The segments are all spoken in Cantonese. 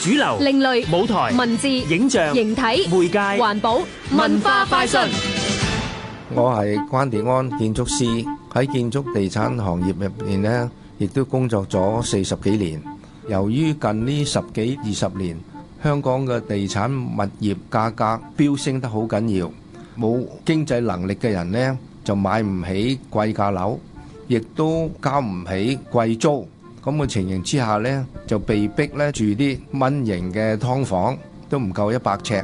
主流、另類、舞台、文字、影像、形體、媒介、環保、文化快訊。我係關地安建築師，喺建築地產行業入面呢，亦都工作咗四十幾年。由於近呢十幾二十年，香港嘅地產物業價格飆升得好緊要，冇經濟能力嘅人呢就買唔起貴價樓，亦都交唔起貴租。咁嘅情形之下呢，就被逼呢住啲蚊型嘅劏房，都唔夠一百尺。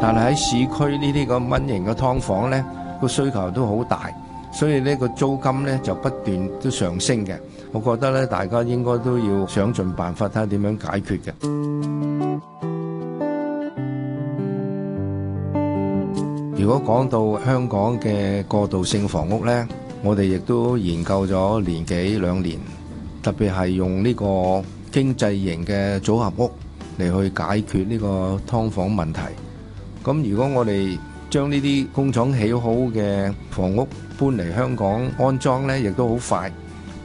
但係喺市區呢啲咁蚊型嘅劏房呢，個需求都好大，所以呢個租金呢就不斷都上升嘅。我覺得呢，大家應該都要想盡辦法睇下點樣解決嘅。如果講到香港嘅過渡性房屋呢。我哋亦都研究咗年幾兩年，特別係用呢個經濟型嘅組合屋嚟去解決呢個劏房問題。咁如果我哋將呢啲工廠起好嘅房屋搬嚟香港安裝咧，亦都好快。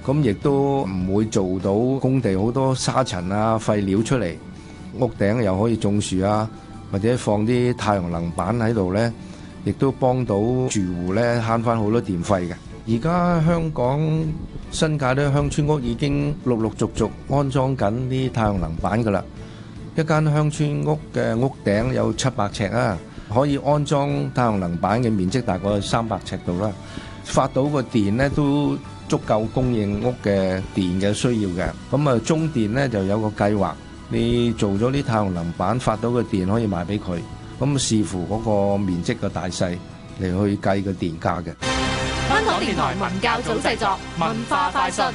咁亦都唔會做到工地好多沙塵啊，廢料出嚟，屋頂又可以種樹啊，或者放啲太陽能板喺度咧，亦都幫到住戶咧慳返好多電費嘅。而家香港新界啲鄉村屋已經陸陸續續安裝緊啲太陽能板㗎喇，一間鄉村屋嘅屋頂有七百尺啊，可以安裝太陽能板嘅面積大概三百尺度啦，發到個電呢都足夠供應屋嘅電嘅需要嘅。咁啊，中電呢就有個計劃，你做咗啲太陽能板發到個電可以賣畀佢，咁視乎嗰個面積嘅大細嚟去計個電價嘅。香港電台文教組製作《文化，文化快訊》。